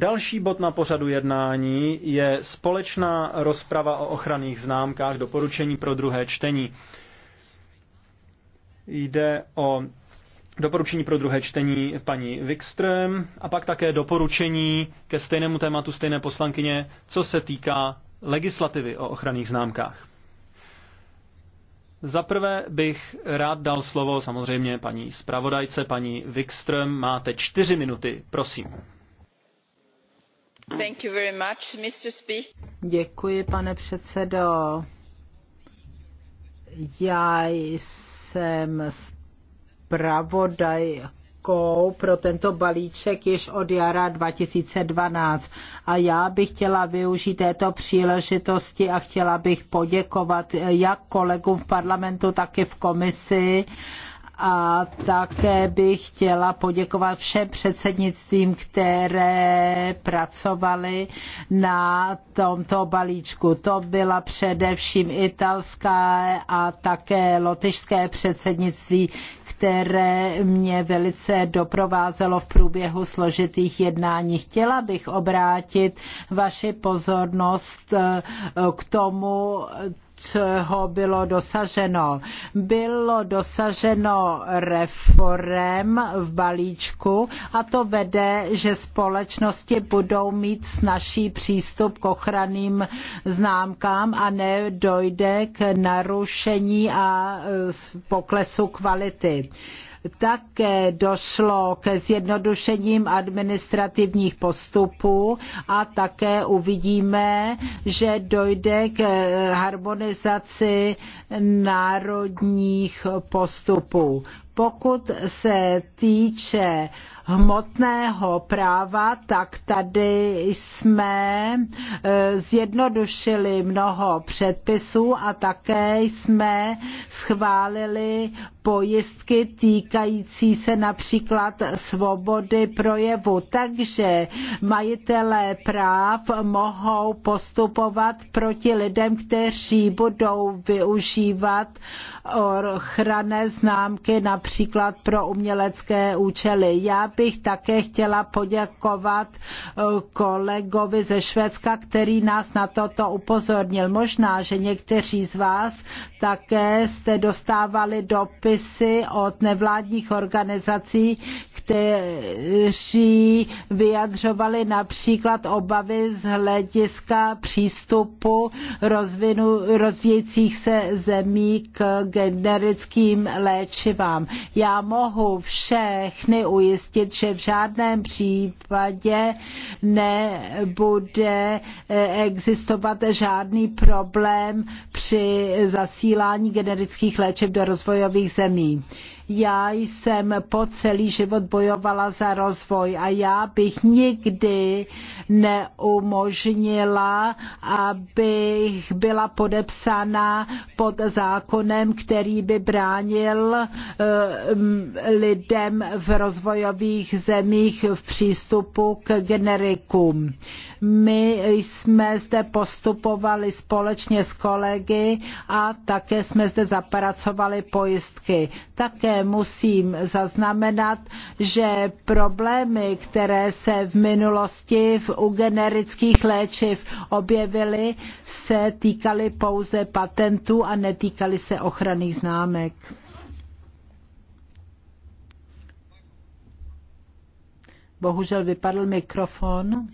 Další bod na pořadu jednání je společná rozprava o ochranných známkách, doporučení pro druhé čtení. Jde o doporučení pro druhé čtení paní Wikström a pak také doporučení ke stejnému tématu stejné poslankyně, co se týká legislativy o ochranných známkách. Zaprvé bych rád dal slovo samozřejmě paní zpravodajce, paní Wikström. Máte čtyři minuty, prosím. Děkuji, pane předsedo. Já jsem zpravodajkou pro tento balíček již od jara 2012. A já bych chtěla využít této příležitosti a chtěla bych poděkovat jak kolegům v parlamentu, tak i v komisi a také bych chtěla poděkovat všem předsednictvím, které pracovali na tomto balíčku. To byla především italská a také lotyšské předsednictví, které mě velice doprovázelo v průběhu složitých jednání. Chtěla bych obrátit vaši pozornost eh, k tomu, čeho bylo dosaženo. Bylo dosaženo reform v balíčku a to vede, že společnosti budou mít snažší přístup k ochranným známkám a nedojde k narušení a poklesu kvality. Také došlo ke zjednodušením administrativních postupů a také uvidíme, že dojde k eh, harmonizaci národních postupů. Pokud se týče hmotného práva, tak tady jsme e, zjednodušili mnoho předpisů a také jsme schválili pojistky týkající se například svobody projevu. Takže majitelé práv mohou postupovat proti lidem, kteří budou využívat ochranné známky například pro umělecké účely. Já bych také chtěla poděkovat eh, kolegovi ze Švédska, který nás na toto upozornil. Možná, že někteří z vás také jste dostávali dopisy od nevládních organizací, kteří vyjadřovali například obavy z hlediska přístupu rozvinu, rozvíjících se zemí k generickým léčivám. Já mohu všechny ujistit, zajistit, že v žádném případě nebude eh, existovat žádný problém při zasílání generických léčiv do rozvojových zemí. Já jsem po celý život bojovala za rozvoj a já bych nikdy neumožnila, abych byla podepsána pod zákonem, který by bránil eh, lidem v rozvojových zemích v přístupu k generikům. My jsme zde postupovali společně s kolegy a také jsme zde zapracovali pojistky. Také musím zaznamenat, že problémy, které se v minulosti v, u generických léčiv objevily, se týkaly pouze patentů a netýkaly se ochranných známek. Bohužel vypadl mikrofon.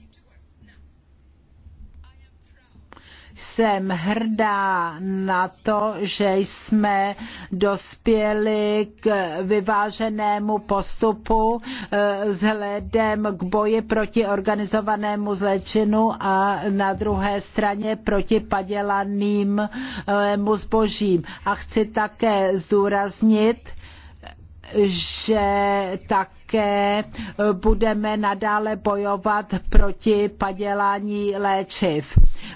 Jsem hrdá na to, že jsme dospěli k vyváženému postupu eh, vzhledem k boji proti organizovanému zlečinu a na druhé straně proti padělaným eh, zbožím. A chci také zdůraznit, že tak také eh, budeme nadále bojovat proti padělání léčiv.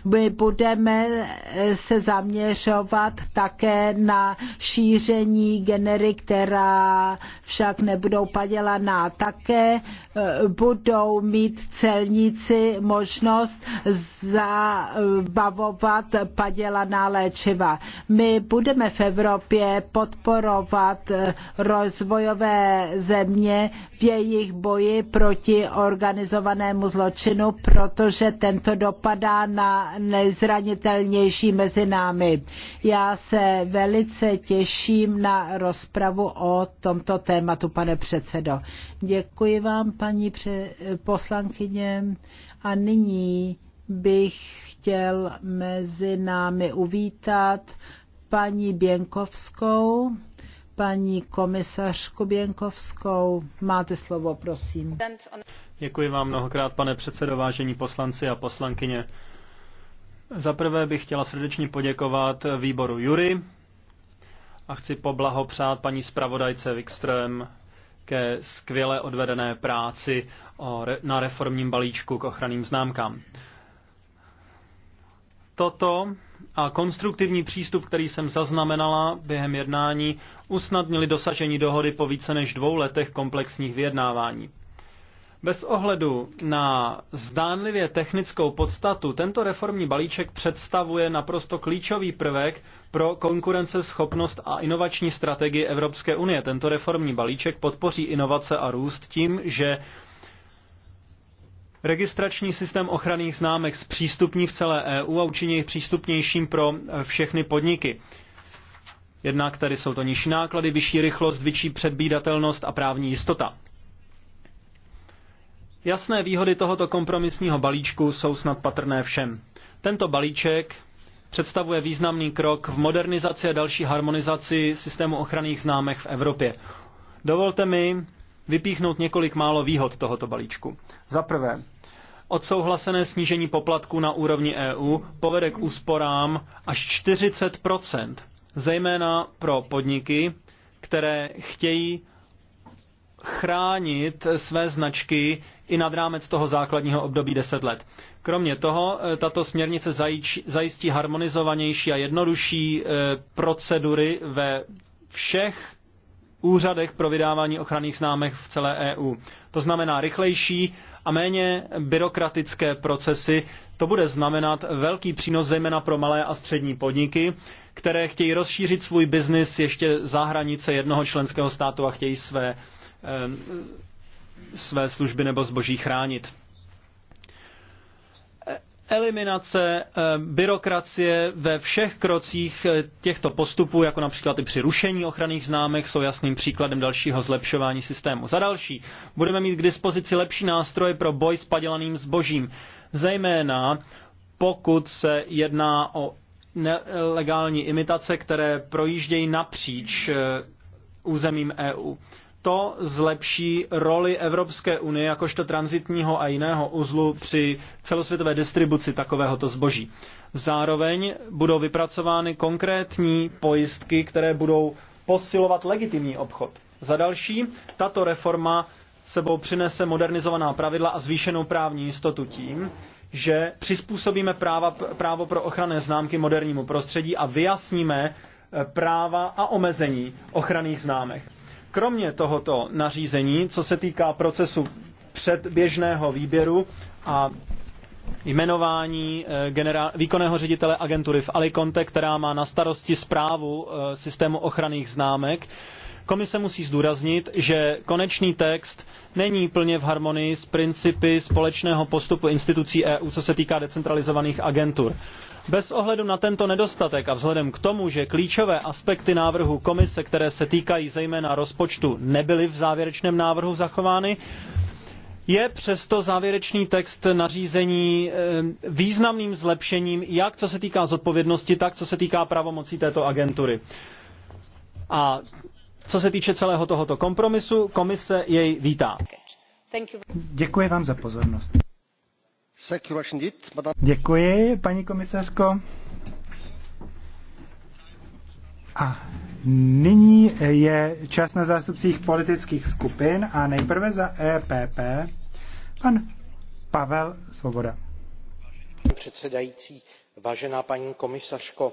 My budeme eh, se zaměřovat také na šíření generik, která však nebudou padělaná. Také eh, budou mít celníci možnost zabavovat padělaná léčiva. My budeme v Evropě podporovat rozvojové země, v jejich boji proti organizovanému zločinu, protože tento dopadá na nejzranitelnější mezi námi. Já se velice těším na rozpravu o tomto tématu, pane předsedo. Děkuji vám, paní poslankyně. A nyní bych chtěl mezi námi uvítat paní Běnkovskou paní komisařku Běnkovskou. Máte slovo, prosím. Děkuji vám mnohokrát, pane předsedo, vážení poslanci a poslankyně. Za prvé bych chtěla srdečně poděkovat výboru Jury a chci poblahopřát paní zpravodajce Wikström ke skvěle odvedené práci na reformním balíčku k ochranným známkám. Toto a konstruktivní přístup, který jsem zaznamenala během jednání, usnadnili dosažení dohody po více než dvou letech komplexních vyjednávání. Bez ohledu na zdánlivě technickou podstatu, tento reformní balíček představuje naprosto klíčový prvek pro konkurenceschopnost a inovační strategii Evropské unie. Tento reformní balíček podpoří inovace a růst tím, že Registrační systém ochranných známek zpřístupní v celé EU a učiní jej přístupnějším pro e, všechny podniky. Jednak tady jsou to nižší náklady, vyšší rychlost, vyšší předbídatelnost a právní jistota. Jasné výhody tohoto kompromisního balíčku jsou snad patrné všem. Tento balíček představuje významný krok v modernizaci a další harmonizaci systému ochranných známek v Evropě. Dovolte mi, vypíchnout několik málo výhod tohoto balíčku. Za prvé, odsouhlasené snížení poplatku na úrovni EU povede k úsporám až 40 zejména pro podniky, které chtějí chránit své značky i nad rámec toho základního období 10 let. Kromě toho, e, tato směrnice zajistí harmonizovanější a jednodušší e, procedury ve všech úřadech pro vydávání ochranných známek v celé EU. To znamená rychlejší a méně byrokratické procesy. To bude znamenat velký přínos zejména pro malé a střední podniky, které chtějí rozšířit svůj biznis ještě za hranice jednoho členského státu a chtějí své, eh, své služby nebo zboží chránit eliminace eh, byrokracie ve všech krocích eh, těchto postupů, jako například i při rušení ochranných známek, jsou jasným příkladem dalšího zlepšování systému. Za další, budeme mít k dispozici lepší nástroje pro boj s padělaným zbožím, zejména pokud se jedná o nelegální imitace, které projíždějí napříč eh, územím EU to zlepší roli Evropské unie jakožto transitního a jiného uzlu při celosvětové distribuci takovéhoto zboží. Zároveň budou vypracovány konkrétní pojistky, které budou posilovat legitimní obchod. Za další, tato reforma sebou přinese modernizovaná pravidla a zvýšenou právní jistotu tím, že přizpůsobíme práva, právo pro ochranné známky modernímu prostředí a vyjasníme práva a omezení ochranných známek. Kromě tohoto nařízení, co se týká procesu předběžného výběru a jmenování eh, generál, výkonného ředitele agentury v Aliconte, která má na starosti zprávu eh, systému ochranných známek, Komise musí zdůraznit, že konečný text není plně v harmonii s principy společného postupu institucí EU, co se týká decentralizovaných agentur. Bez ohledu na tento nedostatek a vzhledem k tomu, že klíčové aspekty návrhu komise, které se týkají zejména rozpočtu, nebyly v závěrečném návrhu zachovány, je přesto závěrečný text nařízení eh, významným zlepšením, jak co se týká zodpovědnosti, tak co se týká pravomocí této agentury. A co se týče celého tohoto kompromisu, komise jej vítá. Děkuji vám za pozornost. Děkuji, paní komisařko. A nyní je čas na zástupcích politických skupin a nejprve za EPP pan Pavel Svoboda. Předsedající, vážená paní komisařko,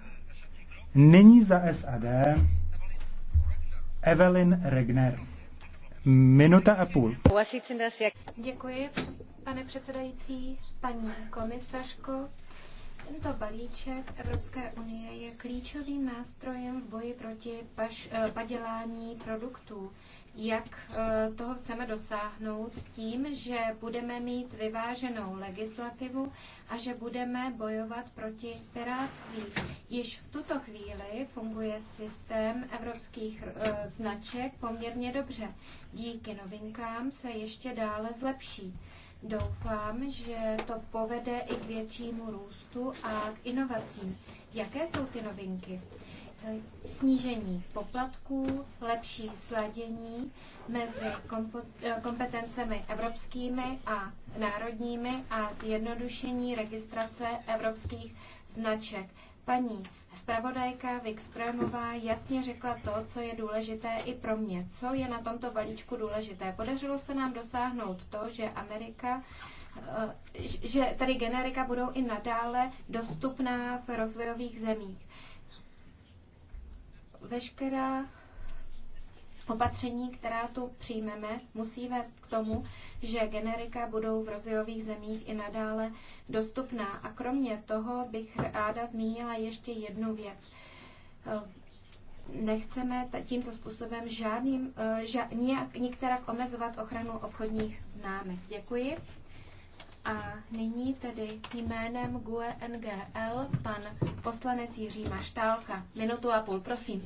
Nyní za SAD Evelyn Regner. Minuta a půl. Děkuji, pane předsedající, paní komisařko, tento balíček Evropské unie je klíčovým nástrojem v boji proti paš, eh, padělání produktů. Jak eh, toho chceme dosáhnout? Tím, že budeme mít vyváženou legislativu a že budeme bojovat proti piráctví. Již v tuto chvíli funguje systém evropských eh, značek poměrně dobře. Díky novinkám se ještě dále zlepší. Doufám, že to povede i k většímu růstu a k inovacím. Jaké jsou ty novinky? Eh, snížení poplatků, lepší sladění mezi eh, kompetencemi evropskými a národními a zjednodušení registrace evropských značek. Paní zpravodajka Wikströmová jasně řekla to, co je důležité i pro mě, co je na tomto balíčku důležité. Podařilo se nám dosáhnout to, že Amerika eh, že tady generika budou i nadále dostupná v rozvojových zemích. Veškerá Opatření, která tu přijmeme, musí vést k tomu, že generika budou v rozvojových zemích i nadále dostupná. A kromě toho bych ráda zmínila ještě jednu věc. Nechceme tímto způsobem žádným, ža, nijak, nikterak omezovat ochranu obchodních známek. Děkuji. A nyní tedy jménem GUE NGL pan poslanec Jiří Maštálka. Minutu a půl, prosím.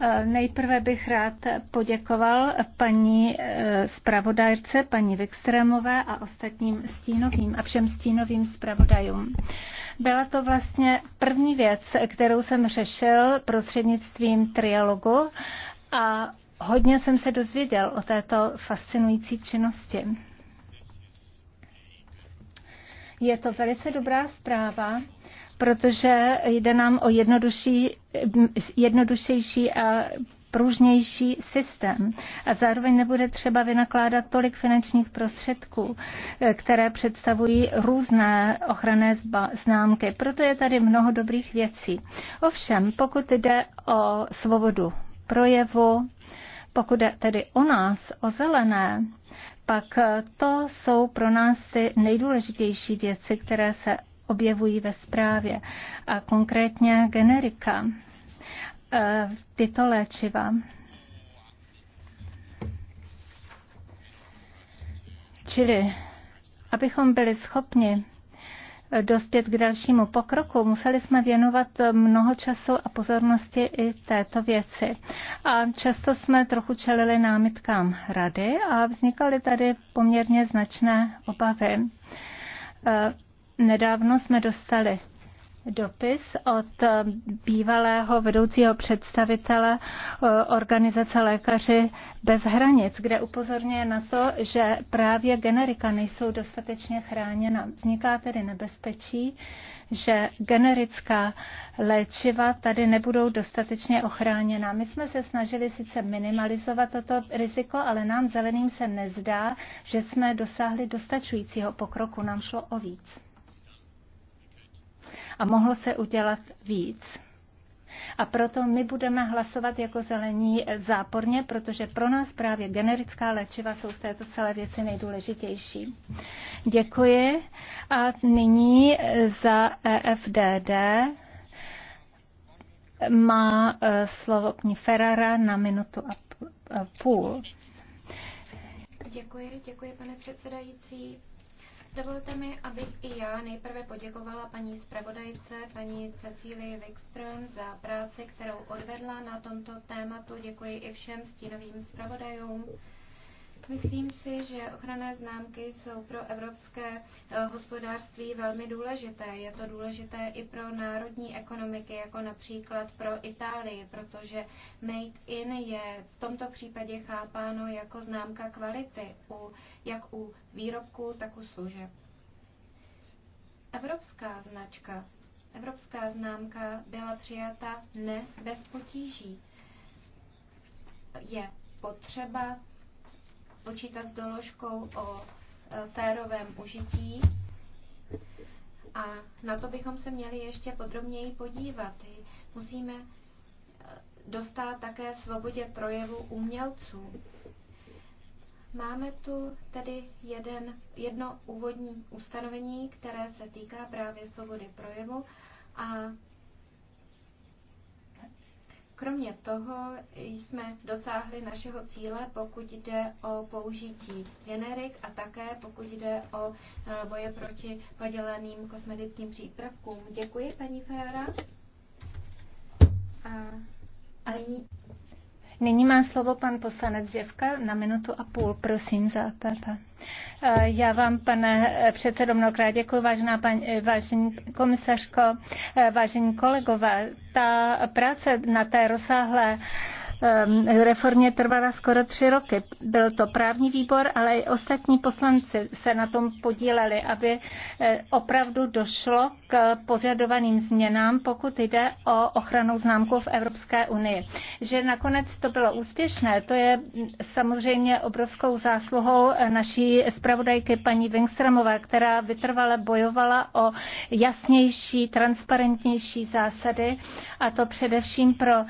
Eh, nejprve bych rád poděkoval paní eh, zpravodajce, paní Vikstrémové a ostatním stínovým a všem stínovým zpravodajům. Byla to vlastně první věc, kterou jsem řešil prostřednictvím trialogu a hodně jsem se dozvěděl o této fascinující činnosti. Je to velice dobrá zpráva, protože jde nám o jednodušší, jednodušejší a pružnější systém a zároveň nebude třeba vynakládat tolik finančních prostředků, eh, které představují různé ochranné známky. Proto je tady mnoho dobrých věcí. Ovšem, pokud jde o svobodu projevu, pokud jde tedy o nás, o zelené, pak eh, to jsou pro nás ty nejdůležitější věci, které se objevují ve zprávě a konkrétně generika. E, tyto léčiva Čili, abychom byli schopni dospět k dalšímu pokroku, museli jsme věnovat mnoho času a pozornosti i této věci. A často jsme trochu čelili námitkám rady a vznikaly tady poměrně značné obavy. E, Nedávno jsme dostali dopis od eh, bývalého vedoucího představitele eh, organizace Lékaři bez hranic, kde upozorňuje na to, že právě generika nejsou dostatečně chráněna. Vzniká tedy nebezpečí, že generická léčiva tady nebudou dostatečně ochráněna. My jsme se snažili sice minimalizovat toto riziko, ale nám zeleným se nezdá, že jsme dosáhli dostačujícího pokroku. Nám šlo o víc a mohlo se udělat víc. A proto my budeme hlasovat jako zelení záporně, protože pro nás právě generická léčiva jsou v této celé věci nejdůležitější. Děkuji. A nyní za EFDD má e, slovo paní Ferrara na minutu a e, půl. Děkuji, děkuji pane předsedající. Dovolte mi, abych i já nejprve poděkovala paní zpravodajce, paní Cecílii Wikström za práci, kterou odvedla na tomto tématu. Děkuji i všem stínovým zpravodajům. Myslím si, že ochranné známky jsou pro evropské eh, hospodářství velmi důležité. Je to důležité i pro národní ekonomiky, jako například pro Itálii, protože Made in je v tomto případě chápáno jako známka kvality, u, jak u výrobků, tak u služeb. Evropská značka, evropská známka byla přijata ne bez potíží. Je potřeba počítat s doložkou o e, férovém užití. A na to bychom se měli ještě podrobněji podívat. Musíme e, dostat také svobodě projevu umělců. Máme tu tedy jeden, jedno úvodní ustanovení, které se týká právě svobody projevu a Kromě toho jsme dosáhli našeho cíle, pokud jde o použití generik a také pokud jde o e, boje proti padělaným kosmetickým přípravkům. Děkuji, paní Ferrara. A, a nyní... Nyní má slovo pan poslanec Ževka na minutu a půl, prosím, za PP. E já vám, pane předsedo, mnohokrát děkuji, vážená paní, vážení komisařko, vážení kolegové. Ta práce na té rozsáhlé Ehm, reformě trvala skoro tři roky. Byl to právní výbor, ale i ostatní poslanci se na tom podíleli, aby eh, opravdu došlo k požadovaným změnám, pokud jde o ochranu známku v Evropské unii. Že nakonec to bylo úspěšné, to je hm, samozřejmě obrovskou zásluhou eh, naší zpravodajky paní Wingstramové, která vytrvale bojovala o jasnější, transparentnější zásady a to především pro eh,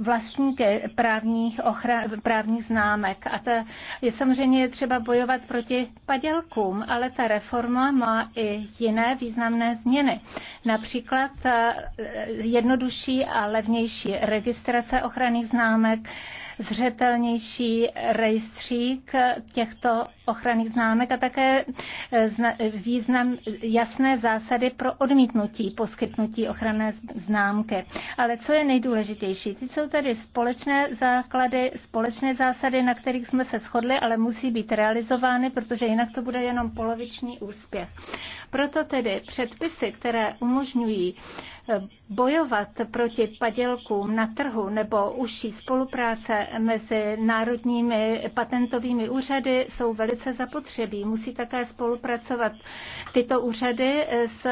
vlastníky prostě právních, ochra- právních známek. A to je samozřejmě třeba bojovat proti padělkům, ale ta reforma má i jiné významné změny. Například eh, jednodušší a levnější registrace ochranných známek, zřetelnější rejstřík těchto ochranných známek a také eh, význam jasné zásady pro odmítnutí poskytnutí ochranné známky. Ale co je nejdůležitější? Ty jsou tady společné základy, společné zásady, na kterých jsme se shodli, ale musí být realizovány, protože jinak to bude jenom poloviční úspěch. Proto tedy předpisy, které umožňují eh, bojovat proti padělkům na trhu nebo užší spolupráce mezi národními patentovými úřady jsou velice zapotřebí. Musí také spolupracovat tyto úřady eh, s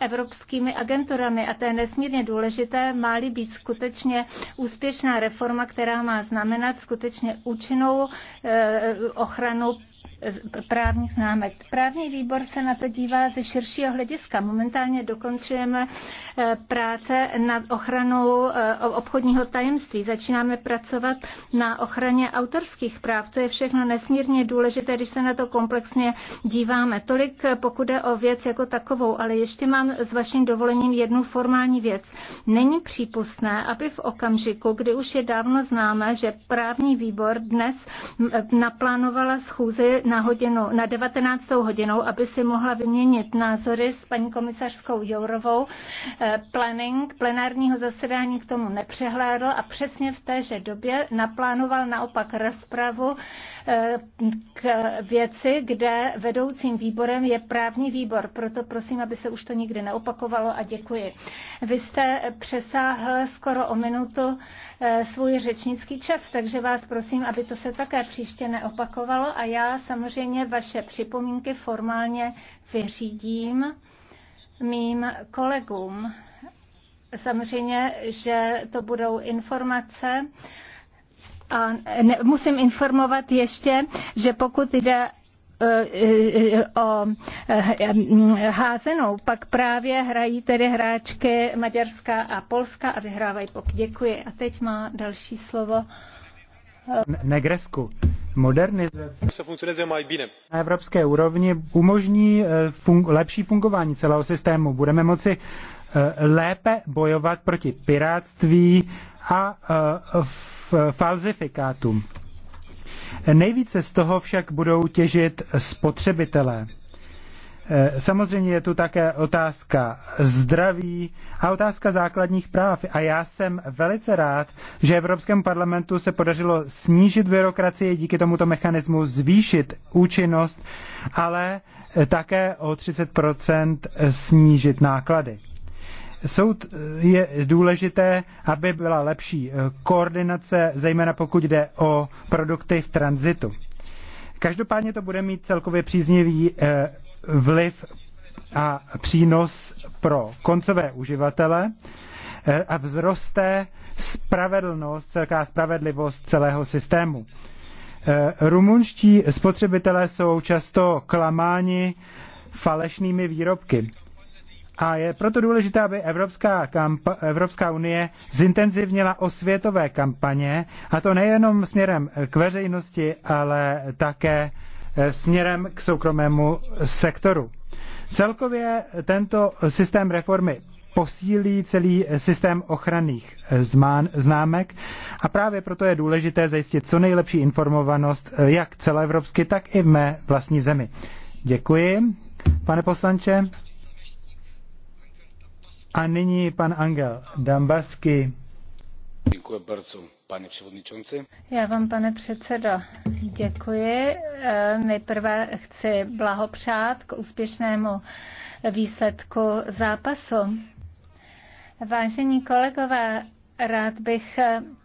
evropskými agenturami a to je nesmírně důležité, má být skutečně úspěšná reforma, která má znamenat skutečně účinnou eh, ochranu právních známek. Právní výbor se na to dívá ze širšího hlediska. Momentálně dokončujeme eh, práce nad ochranou eh, obchodního tajemství. Začínáme pracovat na ochraně autorských práv. To je všechno nesmírně důležité, když se na to komplexně díváme. Tolik eh, pokud jde o věc jako takovou, ale ještě mám s vaším dovolením jednu formální věc. Není přípustné, aby v okamžiku, kdy už je dávno známe, že právní výbor dnes naplánovala schůzi na na, hodinu, na 19. hodinou, aby si mohla vyměnit názory s paní komisařskou Jourovou. Eh, planning plenárního zasedání k tomu nepřehlédl a přesně v téže době naplánoval naopak rozpravu eh, k věci, kde vedoucím výborem je právní výbor. Proto prosím, aby se už to nikdy neopakovalo a děkuji. Vy jste přesáhl skoro o minutu eh, svůj řečnický čas, takže vás prosím, aby to se také příště neopakovalo a já jsem samozřejmě vaše připomínky formálně vyřídím mým kolegům. Samozřejmě, že to budou informace, a ne, musím informovat ještě, že pokud jde e, e, o e, házenou, pak právě hrají tedy hráčky Maďarska a Polska a vyhrávají pok. Děkuji. A teď má další slovo. Negresku modernizace na evropské úrovni umožní eh, fun- lepší fungování celého systému. Budeme moci eh, lépe bojovat proti piráctví a eh, falzifikátům. Nejvíce z toho však budou těžit spotřebitelé. Eh, samozřejmě je tu také otázka zdraví a otázka základních práv. A já jsem velice rád, že Evropskému parlamentu se podařilo snížit byrokracii díky tomuto mechanismu, zvýšit účinnost, ale eh, také o 30 snížit náklady. Soud eh, je důležité, aby byla lepší koordinace, zejména pokud jde o produkty v tranzitu. Každopádně to bude mít celkově příznivý vliv a přínos pro koncové uživatele eh, a vzroste spravedlnost, celká spravedlivost celého systému. Eh, rumunští spotřebitelé jsou často klamáni falešnými výrobky. A je proto důležité, aby Evropská, kampa- Evropská unie zintenzivnila osvětové kampaně, a to nejenom směrem k veřejnosti, ale také Eh, směrem k soukromému sektoru. Celkově tento systém reformy posílí celý systém ochranných zmán, známek a právě proto je důležité zajistit co nejlepší informovanost eh, jak celoevropsky, tak i v mé vlastní zemi. Děkuji, pane poslanče. A nyní pan Angel Dambasky. Děkuji bardzo pane předsedající. Já vám, pane předsedo, děkuji. E, nejprve chci blahopřát k úspěšnému výsledku zápasu. Vážení kolegové, rád bych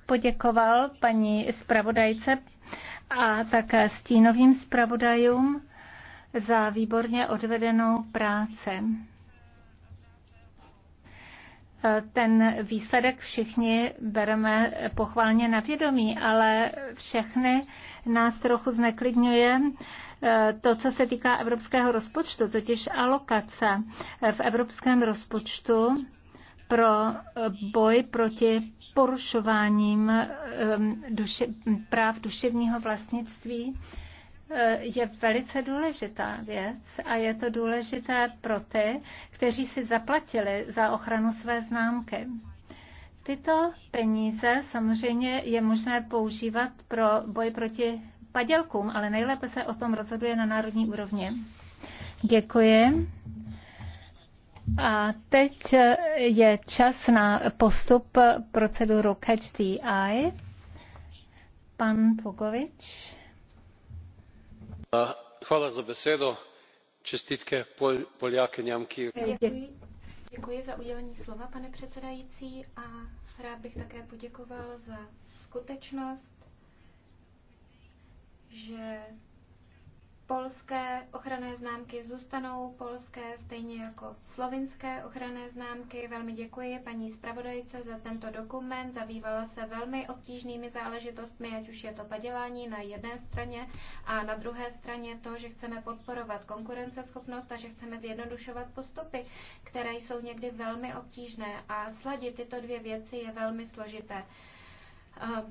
poděkoval paní zpravodajce a také stínovým zpravodajům za výborně odvedenou práci ten výsledek všichni bereme pochválně na vědomí, ale všechny nás trochu zneklidňuje eh, to, co se týká evropského rozpočtu, totiž alokace v evropském rozpočtu pro boj proti porušováním eh, duši, práv duševního vlastnictví Eh, je velice důležitá věc a je to důležité pro ty, kteří si zaplatili za ochranu své známky. Tyto peníze samozřejmě je možné používat pro boj proti padělkům, ale nejlépe se o tom rozhoduje na národní úrovni. Děkuji. A teď eh, je čas na postup proceduru Catch the Eye. Pan Pogovič čestitke poljakinjam ki. Děkuji za udělení slova, pane předsedající, a rád bych také poděkoval za skutečnost, že polské ochranné známky zůstanou polské, stejně jako slovinské ochranné známky. Velmi děkuji paní zpravodajce za tento dokument. Zabývala se velmi obtížnými záležitostmi, ať už je to padělání na jedné straně a na druhé straně to, že chceme podporovat konkurenceschopnost a že chceme zjednodušovat postupy, které jsou někdy velmi obtížné a sladit tyto dvě věci je velmi složité. Eh,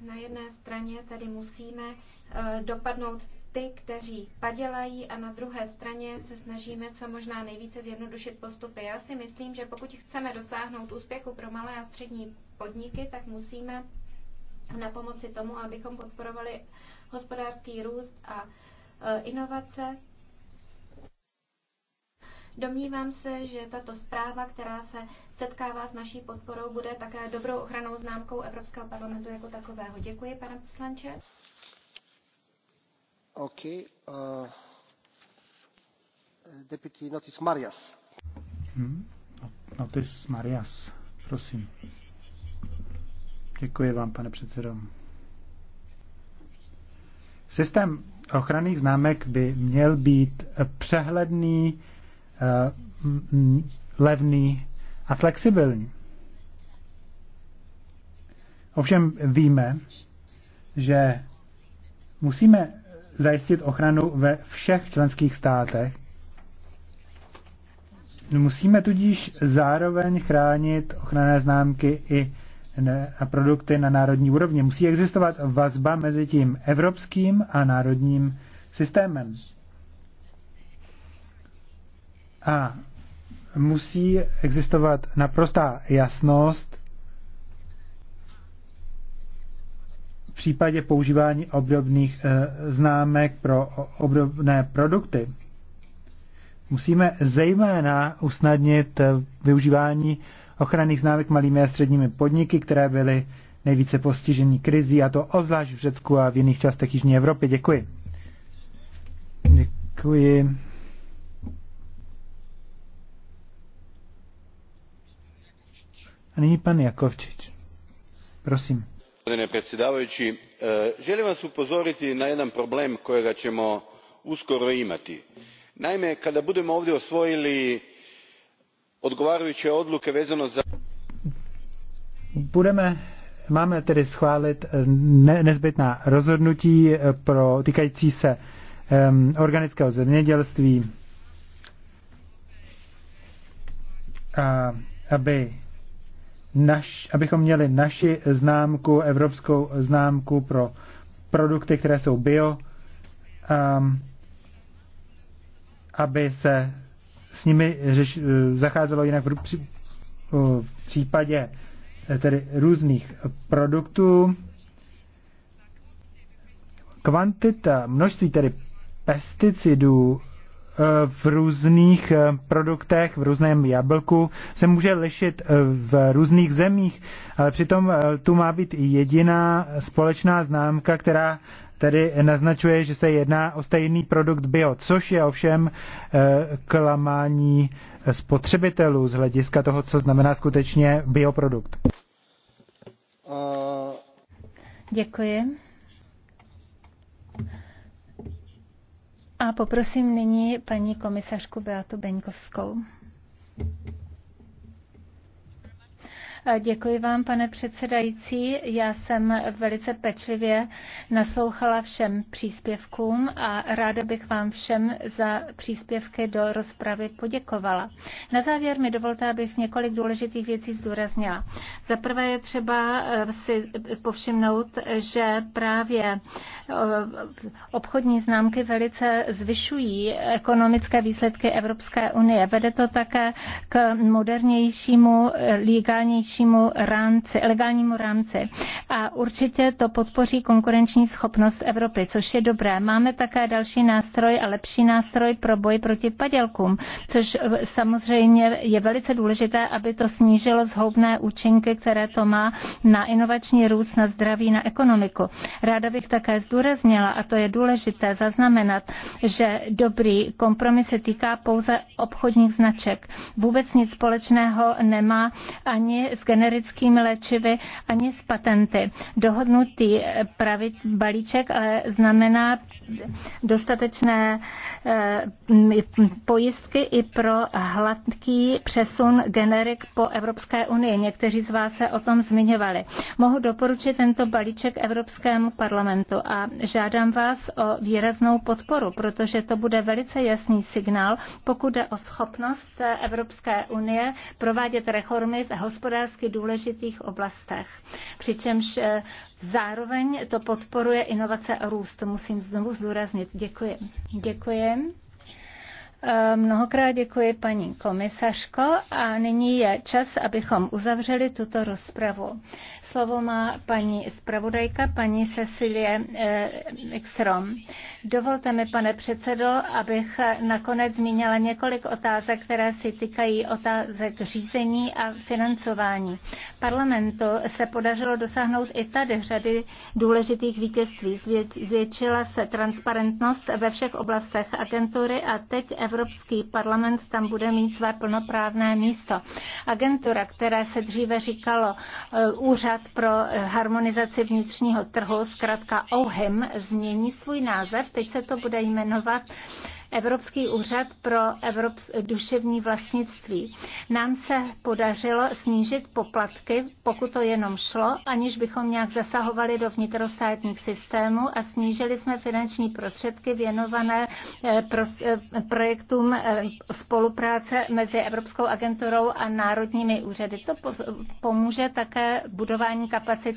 na jedné straně tedy musíme eh, dopadnout ty, kteří padělají a na druhé straně se snažíme co možná nejvíce zjednodušit postupy. Já si myslím, že pokud chceme dosáhnout úspěchu pro malé a střední podniky, tak musíme na pomoci tomu, abychom podporovali hospodářský růst a e, inovace. Domnívám se, že tato zpráva, která se setkává s naší podporou, bude také dobrou ochranou známkou Evropského parlamentu jako takového. Děkuji, pane poslanče. Uh, notis Marias. Hmm, notis Marias, prosím. Děkuji vám, pane Systém ochranných známek by měl být přehledný, eh, levný a flexibilní. Ovšem víme, že musíme zajistit ochranu ve všech členských státech. Musíme tudíž zároveň chránit ochranné známky i a produkty na národní úrovni. Musí existovat vazba mezi tím evropským a národním systémem. A musí existovat naprostá jasnost v případě používání obdobných eh, známek pro obdobné produkty. Musíme zejména usnadnit eh, využívání ochranných známek malými a středními podniky, které byly nejvíce postižení krizí, a to obzvlášť v Řecku a v jiných částech Jižní Evropy. Děkuji. Děkuji. A nyní pan Jakovčič. Prosím gospodine predsjedniče želim vas upozoriti na jedan problem kojega ćemo uskoro imati. naime kada budemo ovdje usvojili odgovarajuće odluke vezano za. máme tedy schválit nezbytná rozhodnutí pro, týkající se um, organického zemědělství a aby naš, abychom měli naši známku, evropskou známku pro produkty, které jsou bio, um, aby se s nimi řeš, eh, zacházelo jinak v, při, eh, v případě eh, tedy různých produktů. Kvantita, množství tedy pesticidů Eh, v různých eh, produktech, v různém jablku se může lišit eh, v různých zemích, ale přitom tu má být jediná společná známka, která tedy naznačuje, že se jedná o stejný produkt bio, což je ovšem klamání spotřebitelů z hlediska toho, co znamená skutečně bioprodukt. Děkuji. A poprosím nyní paní komisařku Beatu Beňkovskou. Děkuji vám, pane předsedající. Já jsem velice pečlivě naslouchala všem příspěvkům a ráda bych vám všem za příspěvky do rozpravy poděkovala. Na závěr mi dovolte, abych několik důležitých věcí zdůraznila. Za prvé je třeba eh, si povšimnout, že právě eh, obchodní známky velice zvyšují ekonomické výsledky Evropské unie. Vede to také k modernějšímu, eh, legálnějšímu konkurenčnímu rámci, legálnímu rámci. A určitě to podpoří konkurenční schopnost Evropy, což je dobré. Máme také další nástroj a lepší nástroj pro boj proti padělkům, což eh, samozřejmě je velice důležité, aby to snížilo zhoubné účinky, které to má na inovační růst, na zdraví, na ekonomiku. Ráda bych také zdůraznila, a to je důležité zaznamenat, že dobrý kompromis se týká pouze obchodních značek. Vůbec nic společného nemá ani s generickými léčivy ani s patenty. Dohodnutý eh, pravit balíček ale znamená dostatečné eh, pojistky i pro hladký přesun generik po Evropské unii. Někteří z vás se o tom zmiňovali. Mohu doporučit tento balíček Evropskému parlamentu a žádám vás o výraznou podporu, protože to bude velice jasný signál, pokud jde o schopnost eh, Evropské unie provádět reformy v hospodářství hospodářsky důležitých oblastech. Přičemž eh, zároveň to podporuje inovace a růst. Musím znovu zdůraznit. Děkuji. Děkuji. Eh, mnohokrát děkuji paní komisařko a nyní je čas, abychom uzavřeli tuto rozpravu. Slovo má paní zpravodajka, paní Cecilie eh, Ekstrom. Dovolte mi, pane předsedo, abych nakonec zmínila několik otázek, které si týkají otázek řízení a financování. Parlamentu se podařilo dosáhnout i tady řady důležitých vítězství. Zvětšila se transparentnost ve všech oblastech agentury a teď Evropský parlament tam bude mít své plnoprávné místo. Agentura, které se dříve říkalo eh, úřad, pro eh, harmonizaci vnitřního trhu, zkrátka OHEM změní svůj název. Teď se to bude jmenovat Evropský úřad pro Evrops- duševní vlastnictví. Nám se podařilo snížit poplatky, pokud to jenom šlo, aniž bychom nějak zasahovali do vnitrostátních systémů a snížili jsme finanční prostředky věnované eh, pro, eh, projektům eh, spolupráce mezi Evropskou agenturou a národními úřady. To pomůže také budování kapacit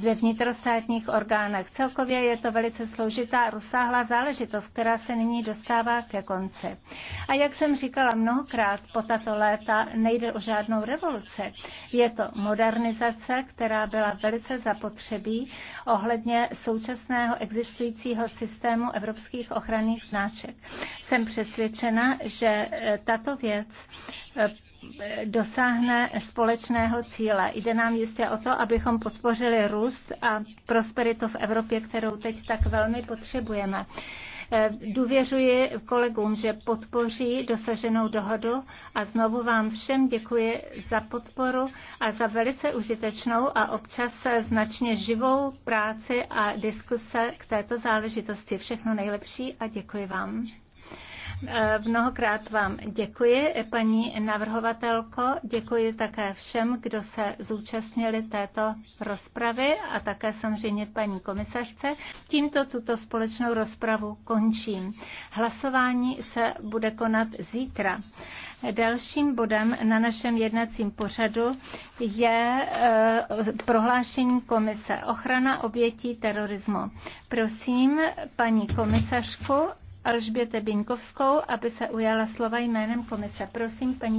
ve vnitrostátních orgánech. Celkově je to velice složitá rozsáhlá záležitost, která se nyní dostává dostává ke konci. A jak jsem říkala mnohokrát po tato léta, nejde o žádnou revoluci. Je to modernizace, která byla velice zapotřebí ohledně současného existujícího systému evropských ochranných značek. Jsem přesvědčena, že eh, tato věc eh, dosáhne společného cíle. Jde nám jistě o to, abychom podpořili růst a prosperitu v Evropě, kterou teď tak velmi potřebujeme. Eh, důvěřuji kolegům, že podpoří dosaženou dohodu a znovu vám všem děkuji za podporu a za velice užitečnou a občas značně živou práci a diskuse k této záležitosti. Všechno nejlepší a děkuji vám. Eh, mnohokrát vám děkuji, paní navrhovatelko. Děkuji také všem, kdo se zúčastnili této rozpravy a také samozřejmě paní komisařce. Tímto tuto společnou rozpravu končím. Hlasování se bude konat zítra. Dalším bodem na našem jednacím pořadu je eh, prohlášení komise ochrana obětí terorismu. Prosím, paní komisařku, Alžběte Binkovskou, aby se ujala slova jménem komise. Prosím, paní